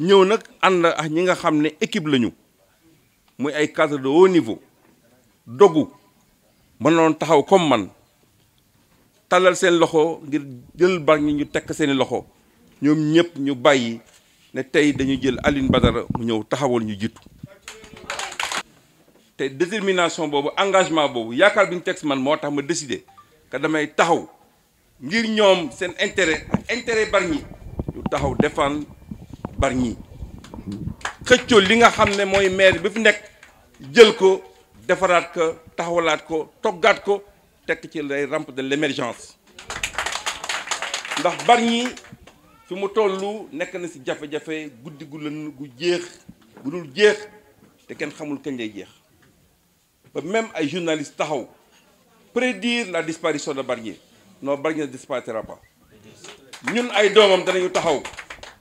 ñëw nag ànd ak ñi nga xam ne équipe lañu muy ay cadre de haut niveau dogu mënoon taxaw comme man talal seen loxo ngir jël bar ñi ñu tekk seeni loxo ñoom ñëpp ñu bàyyi ne tey dañu jël Alioune Badara mu ñëw taxawal ñu jiitu te détermination boobu engagement boobu yaakaar bi ñu teg man moo tax ma décidé que damay taxaw ngir ñoom seen intérêt ak intérêt bar ñi ñu taxaw défendre Bargny xëccoo li nga xamné moy maire bi fi nek jël ko defaraat ko taxawlat ko toggaat ko tek ci lay rampe de l'émergence ndax Bargny fi mu tollu nek na ci jafé jafé guddi gu lën gu jeex gu dul jeex te kenn xamul kañ lay jeex ba même ay journalistes taxaw prédire la disparition de Bargny non Bargny ne disparaîtra pas ñun ay domam danañu taxaw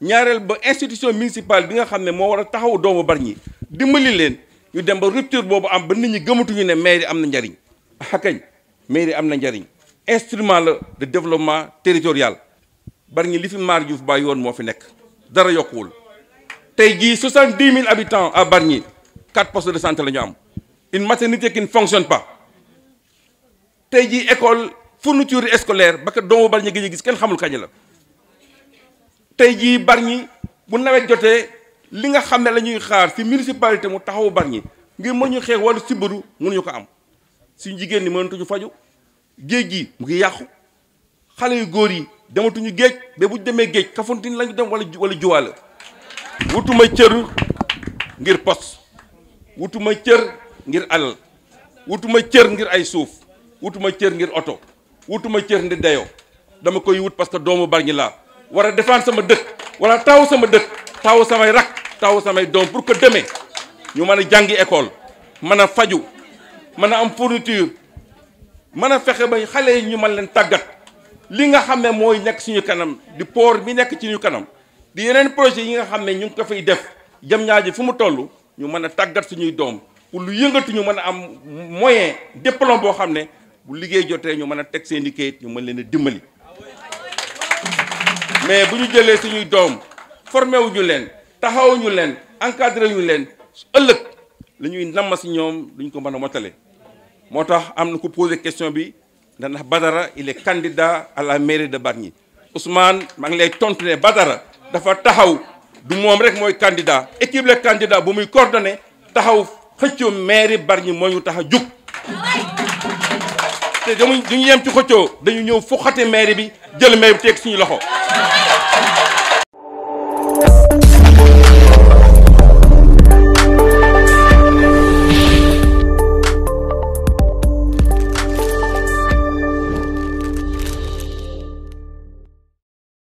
ñaarel ba institution municipale bi nga xamné ne wara taxaw doomu Bargny dimbali leen ñu dem ba rupture bobu am ba nit ñi gëmatuñu ne mairie am na njariñ xakañ ah, mairie amna na instrument de développement territorial Bargny li fi maar Diouf ba yoon moo fi nek dara yokkuwul tay ji 70 000 habitants à Bargny 4 postes de santé la ñu am une maternité qui ne fonctionne pas tay ji école fourniture scolaire ba ka doomu Bargny gëj gis kenn xamul kañ la tey jii bar ñi bu nawet jotee li nga xam ne la ñuy xaar ci municipalité mu taxawu ñi ngir mën ñu xeex wàllu sibiru ñu ko am suñu jigéen ñi mënatuñu faju géej gi mu ngi yàqu xale yu góor yi dematuñu géej ba bu ñu demee géej Kafountine lañu dem wala wala Joal wutuma cër ngir pos wutuma cër ngir alal wutuma cër ngir ay suuf wutuma cër ngir oto wutuma cër ndi dayoo dama koy wut parce que doomu Bargny la war a défendre sama dëkk wala taw sama dëkk taw samay rak taw samay doom pour que demee ñu mën a jàngi école mën a faju man a am fourniture mën a fexe ba xale yi ñu mën leen tàggat li nga xam ne mooy nekk suñu kanam di port bi nekk ci ñu kanam di yeneen projet yi nga xam ne ñu ngi ko fay def jam ji fu mu toll ñu mën a tàggat suñuy doom pour lu yëngatu ñu mën a am moyen diplôme boo xam ne bu liggéey jotee ñu mën a teg seen i kayit ñu mën leen a dimbali mais bu ñu jëlee suñuy doom formé wuñu leen taxawuñu leen encadré wuñu leen ëllëg li ñuy namm si ñoom luñ ko mën a mottale moo tax am na ku posé question bi ndax Badara il est candidat à la mairie de Bargny Ousmane maa ngi lay tontu ne Badara dafa taxaw du moom rek mooy candidat équipe la candidat bu muy coordonné taxaw xëccoo mairie Bargny moo ñu tax a jug. te damuñ duñu yem ci xëccoo dañu ñëw fu xate mairie bi jël mairie bi teg suñu loxo.